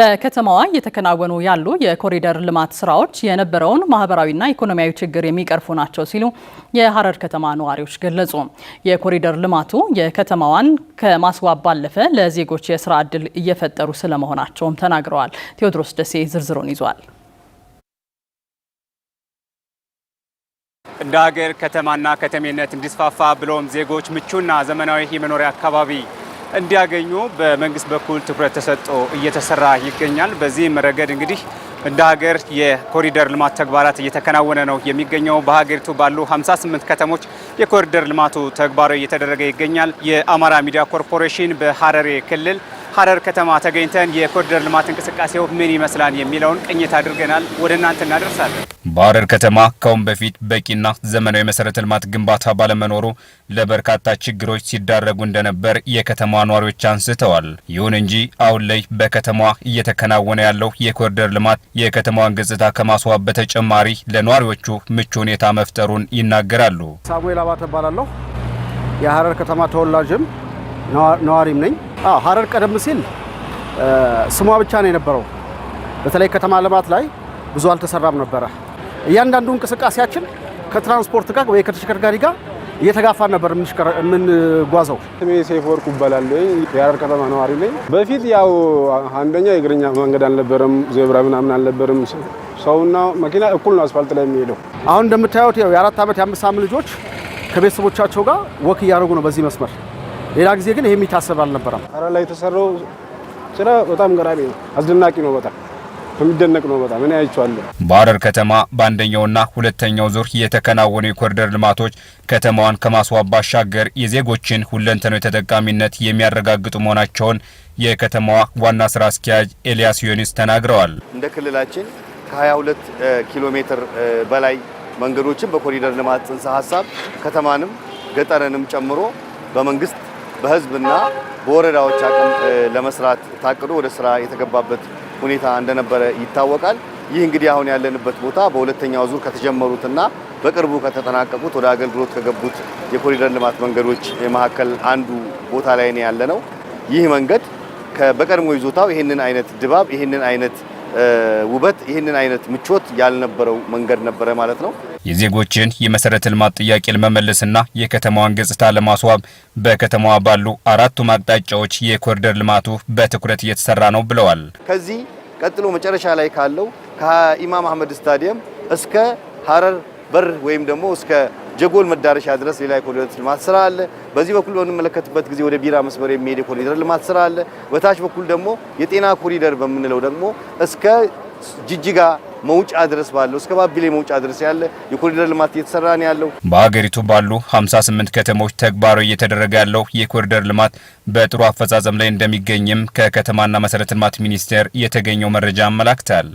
በከተማዋ እየተከናወኑ ያሉ የኮሪደር ልማት ስራዎች የነበረውን ማህበራዊና ኢኮኖሚያዊ ችግር የሚቀርፉ ናቸው ሲሉ የሐረር ከተማ ነዋሪዎች ገለጹ። የኮሪደር ልማቱ የከተማዋን ከማስዋብ ባለፈ ለዜጎች የስራ ዕድል እየፈጠሩ ስለመሆናቸውም ተናግረዋል። ቴዎድሮስ ደሴ ዝርዝሩን ይዟል። እንደ ሀገር ከተማና ከተሜነት እንዲስፋፋ ብሎም ዜጎች ምቹና ዘመናዊ የመኖሪያ አካባቢ እንዲያገኙ በመንግስት በኩል ትኩረት ተሰጥቶ እየተሰራ ይገኛል። በዚህም ረገድ እንግዲህ እንደ ሀገር የኮሪደር ልማት ተግባራት እየተከናወነ ነው የሚገኘው። በሀገሪቱ ባሉ 58 ከተሞች የኮሪደር ልማቱ ተግባራዊ እየተደረገ ይገኛል። የአማራ ሚዲያ ኮርፖሬሽን በሀረሬ ክልል ሀረር ከተማ ተገኝተን የኮሪደር ልማት እንቅስቃሴው ምን ይመስላል የሚለውን ቅኝት አድርገናል። ወደ እናንተ እናደርሳለን። በሐረር ከተማ ከሁን በፊት በቂና ዘመናዊ መሰረተ ልማት ግንባታ ባለመኖሩ ለበርካታ ችግሮች ሲዳረጉ እንደነበር የከተማ ነዋሪዎች አንስተዋል። ይሁን እንጂ አሁን ላይ በከተማዋ እየተከናወነ ያለው የኮሪደር ልማት የከተማዋን ገጽታ ከማስዋብ በተጨማሪ ለነዋሪዎቹ ምቹ ሁኔታ መፍጠሩን ይናገራሉ። ሳሙኤል አባተ እባላለሁ። የሐረር ከተማ ተወላጅም ነዋሪም ነኝ። ሐረር ቀደም ሲል ስሟ ብቻ ነው የነበረው። በተለይ ከተማ ልማት ላይ ብዙ አልተሰራም ነበረ። እያንዳንዱ እንቅስቃሴያችን ከትራንስፖርት ጋር ወይ ከተሽከርካሪ ጋር እየተጋፋ ነበር የምንጓዘው። ስሜ ሴፍ ወርቁ እባላለሁ። የሐረር ከተማ ነዋሪ ነኝ። በፊት ያው አንደኛ የእግረኛ መንገድ አልነበረም፣ ዜብራ ምናምን አልነበረም። ሰውና መኪና እኩል ነው አስፋልት ላይ የሚሄደው። አሁን እንደምታዩት የአራት ዓመት የአምስት ዓመት ልጆች ከቤተሰቦቻቸው ጋር ወክ እያደረጉ ነው በዚህ መስመር። ሌላ ጊዜ ግን ይሄ የሚታሰብ አልነበረም። ሐረር ላይ የተሰራው ስራ በጣም ገራሚ ነው፣ አስደናቂ ነው በጣም የሚደነቅ ነው። በጣም እኔ አይቼዋለሁ። በሐረር ከተማ በአንደኛውና ሁለተኛው ዙር የተከናወኑ የኮሪደር ልማቶች ከተማዋን ከማስዋብ ባሻገር የዜጎችን ሁለንተናዊ ተጠቃሚነት የሚያረጋግጡ መሆናቸውን የከተማዋ ዋና ስራ አስኪያጅ ኤልያስ ዮኒስ ተናግረዋል። እንደ ክልላችን ከ22 ኪሎ ሜትር በላይ መንገዶችን በኮሪደር ልማት ጽንሰ ሀሳብ ከተማንም ገጠርንም ጨምሮ በመንግስት በህዝብና በወረዳዎች አቅም ለመስራት ታቅዶ ወደ ስራ የተገባበት ሁኔታ እንደነበረ ይታወቃል። ይህ እንግዲህ አሁን ያለንበት ቦታ በሁለተኛው ዙር ከተጀመሩትና በቅርቡ ከተጠናቀቁት ወደ አገልግሎት ከገቡት የኮሪደር ልማት መንገዶች መካከል አንዱ ቦታ ላይ ነው ነው። ይህ መንገድ በቀድሞ ይዞታው ይህንን አይነት ድባብ፣ ይህንን አይነት ውበት፣ ይህንን አይነት ምቾት ያልነበረው መንገድ ነበረ ማለት ነው። የዜጎችን የመሰረተ ልማት ጥያቄ ለመመለስና የከተማዋን ገጽታ ለማስዋብ በከተማዋ ባሉ አራቱም አቅጣጫዎች የኮሪደር ልማቱ በትኩረት እየተሰራ ነው ብለዋል። ከዚህ ቀጥሎ መጨረሻ ላይ ካለው ከኢማም አህመድ ስታዲየም እስከ ሀረር በር ወይም ደግሞ እስከ ጀጎል መዳረሻ ድረስ ሌላ የኮሪደር ልማት ስራ አለ። በዚህ በኩል በምንመለከትበት ጊዜ ወደ ቢራ መስመር የሚሄድ የኮሪደር ልማት ስራ አለ። በታች በኩል ደግሞ የጤና ኮሪደር በምንለው ደግሞ እስከ ጅጅጋ መውጫ ድረስ ባለው እስከ ባቢሌ መውጫ ድረስ ያለ የኮሪደር ልማት እየተሰራ ነው ያለው። በሀገሪቱ ባሉ 58 ከተሞች ተግባራዊ እየተደረገ ያለው የኮሪደር ልማት በጥሩ አፈጻጸም ላይ እንደሚገኝም ከከተማና መሰረተ ልማት ሚኒስቴር የተገኘው መረጃ አመላክታል።